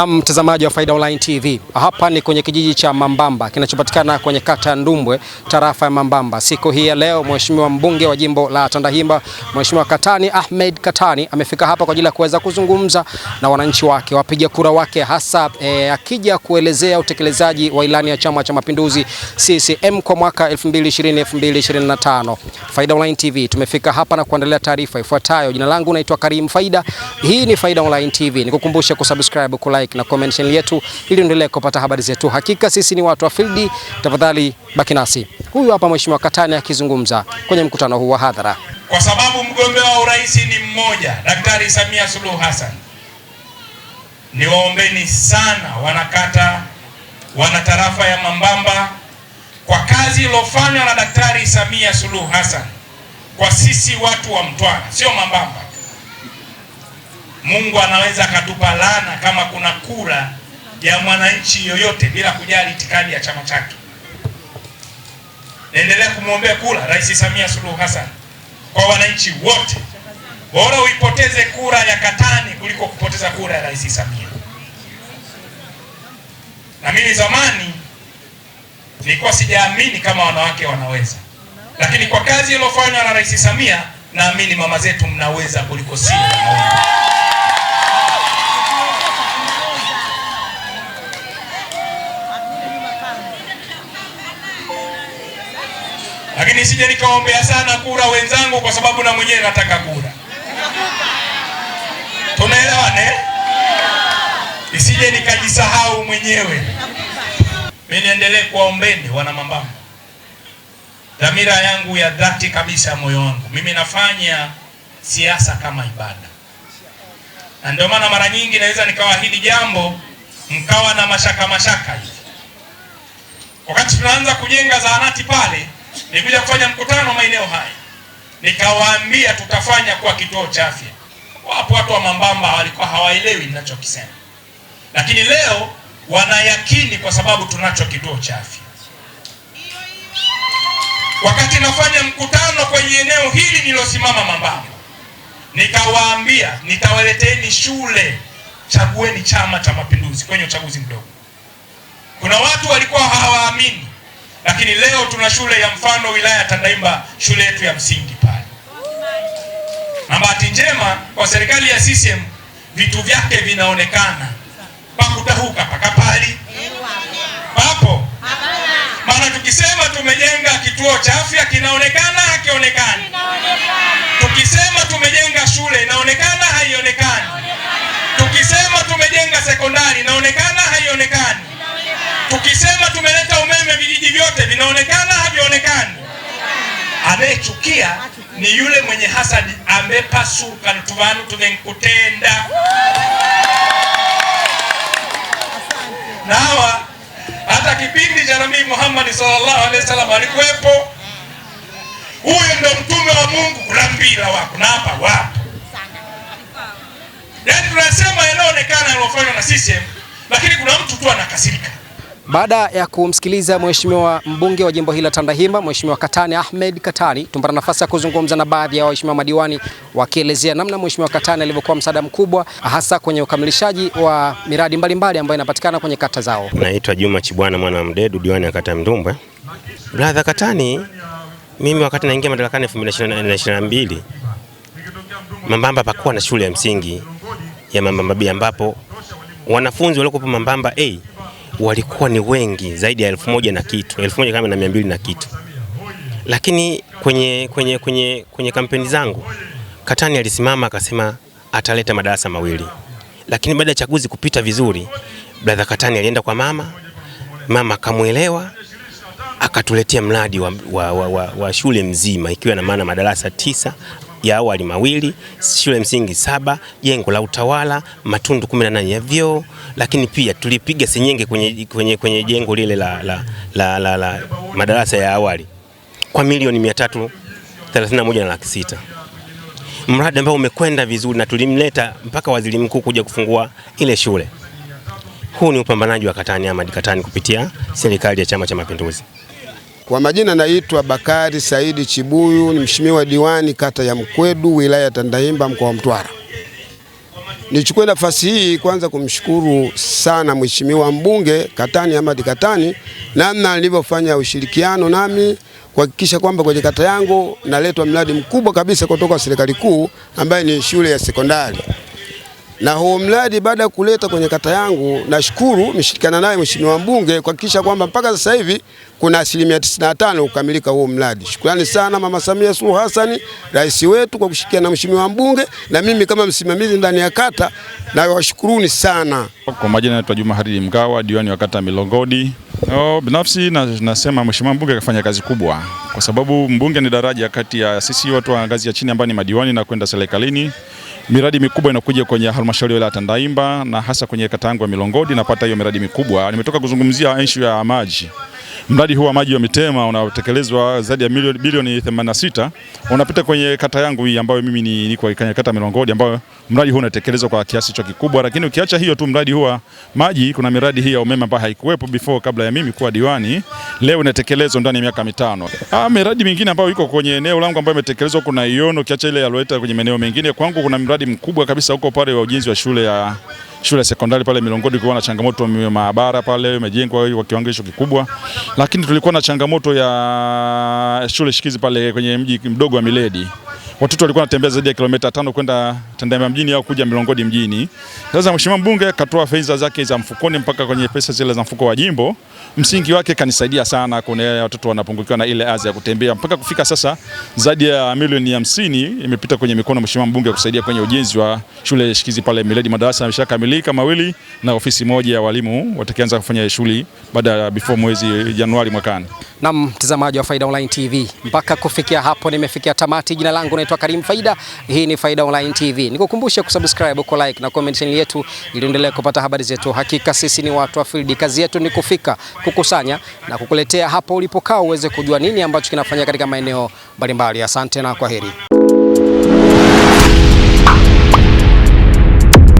Na mtazamaji wa Faida Online TV, hapa ni kwenye kijiji cha Mambamba kinachopatikana kwenye kata ya Ndumbwe, tarafa ya Mambamba. Siku hii ya leo, Mheshimiwa mbunge wa jimbo la Tandahimba, Mheshimiwa Katani Ahmed Katani amefika hapa kwa ajili ya kuweza kuzungumza na wananchi wake, wapiga kura wake, hasa e, akija kuelezea utekelezaji wa ilani ya Chama cha Mapinduzi CCM kwa mwaka 2020 2025. Faida Online TV tumefika hapa na kuandalia taarifa ifuatayo. Jina langu naitwa Karim Faida. Hii ni Faida Online TV. Nikukumbusha kusubscribe, kulike like na comment channel yetu ili endelee kupata habari zetu. Hakika sisi ni watu wa field, tafadhali baki nasi. Huyu hapa Mheshimiwa Katani akizungumza kwenye mkutano huu wa hadhara, kwa sababu mgombea wa urais ni mmoja, Daktari Samia Suluhu Hassan. Niwaombeni sana wanakata, wana tarafa ya Mambamba kwa kazi iliyofanywa na Daktari Samia Suluhu Hassan kwa sisi watu wa Mtwara, sio Mambamba Mungu anaweza akatupa laana kama kuna kura ya mwananchi yoyote bila kujali itikadi ya chama chake. Naendelea kumwombea kura Rais Samia Suluhu Hassan kwa wananchi wote. Bora uipoteze kura ya Katani kuliko kupoteza kura ya Rais Samia. Na mimi zamani nilikuwa sijaamini kama wanawake wanaweza, lakini kwa kazi iliyofanywa na Rais Samia naamini mama zetu mnaweza kuliko si lakini sije nikaombea sana kura wenzangu, kwa sababu na mwenyewe nataka kura. Tunaelewana eh? Isije nikajisahau mwenyewe. Mi niendelee kuwaombeni wana Mambamba, dhamira yangu ya dhati kabisa ya moyo wangu, mimi nafanya siasa kama ibada, na ndio maana mara nyingi naweza nikawaahidi jambo mkawa na mashaka mashaka hivi. Wakati tunaanza kujenga zahanati pale Nilikuja kufanya mkutano maeneo haya, nikawaambia tutafanya kwa kituo cha afya. Wapo watu wa mambamba walikuwa hawaelewi ninachokisema, lakini leo wanayakini kwa sababu tunacho kituo cha afya. Wakati nafanya mkutano kwenye eneo hili nilosimama Mambamba, nikawaambia nitawaleteni shule, chagueni Chama cha Mapinduzi kwenye uchaguzi mdogo. Kuna watu walikuwa hawaamini lakini leo tuna shule ya mfano wilaya ya Tandaimba, shule yetu ya msingi pale. Na bahati njema kwa serikali ya CCM vitu vyake vinaonekana, pakutahuka pali papo. Maana tukisema tumejenga kituo cha afya kinaonekana hakionekani, tukisema tumejenga shule inaonekana haionekani, tukisema tumejenga sekondari inaonekana haionekani, tukisema tumeleta umeme vya vijiji vyote vinaonekana, havionekani? Anayechukia ni yule mwenye hasadi amepasuka ntuvanu vantu venkutenda na hawa. Hata kipindi cha Nabii Muhammad sallallahu alaihi wasallam alikuwepo huyo, ndo mtume wa Mungu. Kuna mpira wako na hapa wapo, yaani tunasema yanaonekana yanayofanywa na CCM, lakini kuna mtu tu anakasirika baada ya kumsikiliza mheshimiwa mbunge wa jimbo hili la Tandahimba, Mheshimiwa Katani Ahmed Katani, tumpata nafasi ya kuzungumza na baadhi ya waheshimiwa madiwani wakielezea namna Mheshimiwa Katani alivyokuwa msaada mkubwa hasa kwenye ukamilishaji wa miradi mbalimbali ambayo inapatikana kwenye kata zao. Naitwa Juma Chibwana mwana wa Mdedu, diwani ya kata Mdumbwe. Brother Katani, mimi wakati naingia madarakani 2022 Mambamba pakuwa na shule ya msingi ya Mambamba B ambapo wanafunzi waliokuwa Mambamba A walikuwa ni wengi zaidi ya elfu moja na kitu, elfu moja kama na mia mbili na kitu, lakini kwenye, kwenye, kwenye, kwenye kampeni zangu Katani alisimama akasema ataleta madarasa mawili, lakini baada ya chaguzi kupita vizuri, brother Katani alienda kwa mama, mama akamwelewa akatuletea mradi wa, wa, wa, wa, wa shule mzima ikiwa na maana madarasa tisa ya awali mawili, shule msingi saba, jengo la utawala, matundu 18 ya vyoo, lakini pia tulipiga senyenge kwenye, kwenye, kwenye jengo lile la, la, la, la, la madarasa ya awali kwa milioni 331 na laki sita. Mradi ambao umekwenda vizuri na tulimleta mpaka waziri mkuu kuja kufungua ile shule. Huu ni upambanaji wa Katani Ahmad Katani kupitia serikali ya Chama cha Mapinduzi. Kwa majina naitwa Bakari Saidi Chibuyu, ni mheshimiwa diwani kata ya Mkwedu wilaya ya Tandahimba mkoa wa Mtwara. Nichukue nafasi hii kwanza kumshukuru sana mheshimiwa mbunge Katani Ahmad Katani namna alivyofanya ushirikiano nami kuhakikisha kwamba kwenye kata yangu naletwa mradi mkubwa kabisa kutoka serikali kuu ambaye ni shule ya sekondari na huu mradi baada ya kuleta kwenye kata yangu, nashukuru meshirikiana naye mheshimiwa mbunge kuhakikisha kwamba mpaka sasa hivi kuna asilimia 95 kukamilika huo mradi. Shukrani sana Mama Samia Suluhu Hassan, rais wetu, kwa kushirikiana na mheshimiwa mbunge na mimi kama msimamizi ndani ya kata, na washukuruni sana. Kwa majina naitwa Juma Haridi Mgawa, diwani wa kata Milongodi. No, binafsi na, nasema mheshimiwa mbunge akafanya kazi kubwa, kwa sababu mbunge ni daraja kati ya sisi watu wa ngazi ya chini ambao ni madiwani na kwenda serikalini. Miradi mikubwa inakuja kwenye halmashauri ya Tandaimba na hasa kwenye kata yangu ya Milongodi, napata hiyo miradi mikubwa. Nimetoka kuzungumzia issue ya maji Mradi huu wa maji wa Mitema unatekelezwa zaidi ya milioni bilioni 86 unapita kwenye kata yangu hii ambayo mimi ni niko kwenye kata Milongodi ambayo mradi huu unatekelezwa kwa kiasi cha kikubwa, lakini ukiacha hiyo tu mradi huu wa maji, kuna miradi hii ya umeme ambayo haikuwepo before kabla ya mimi kuwa diwani, leo inatekelezwa ndani ya miaka mitano. Ah, miradi mingine ambayo iko kwenye eneo langu ambayo imetekelezwa kuna iono, ukiacha ile aloleta kwenye maeneo mengine, kwangu kuna mradi mkubwa kabisa huko pale wa ujenzi wa shule ya shule ya sekondari pale Milongodi kulikuwa na changamoto ya maabara pale imejengwa kwa kiwango hicho kikubwa, lakini tulikuwa na changamoto ya shule shikizi pale kwenye mji mdogo wa Miledi watoto walikuwa wanatembea zaidi ya kilomita tano kwenda Tandahimba mjini au kuja Milongodi mjini. Sasa mheshimiwa mbunge katoa fedha zake za mfukoni mpaka kwenye pesa zile za mfuko wa jimbo, msingi wake kanisaidia sana kuna watoto wanapungukiwa na ile adha ya kutembea. Mpaka kufika sasa zaidi ya milioni hamsini imepita kwenye mikono mheshimiwa mbunge kusaidia kwenye ujenzi wa shule shikizi pale Miledi, madarasa yameshakamilika mawili na ofisi moja ya walimu watakaanza kufanya shule baada ya before mwezi Januari mwakani. Na mtazamaji wa Faida Online TV, mpaka kufikia hapo nimefikia tamati. Jina langu ni naitwa Karim Faida. Hii ni Faida Online TV. Nikukumbushe kusubscribe, ku like na comment channel yetu ili endelee kupata habari zetu. Hakika sisi ni watu wa field, kazi yetu ni kufika, kukusanya na kukuletea hapo ulipokaa uweze kujua nini ambacho kinafanyika katika maeneo mbalimbali. Asante na kwaheri.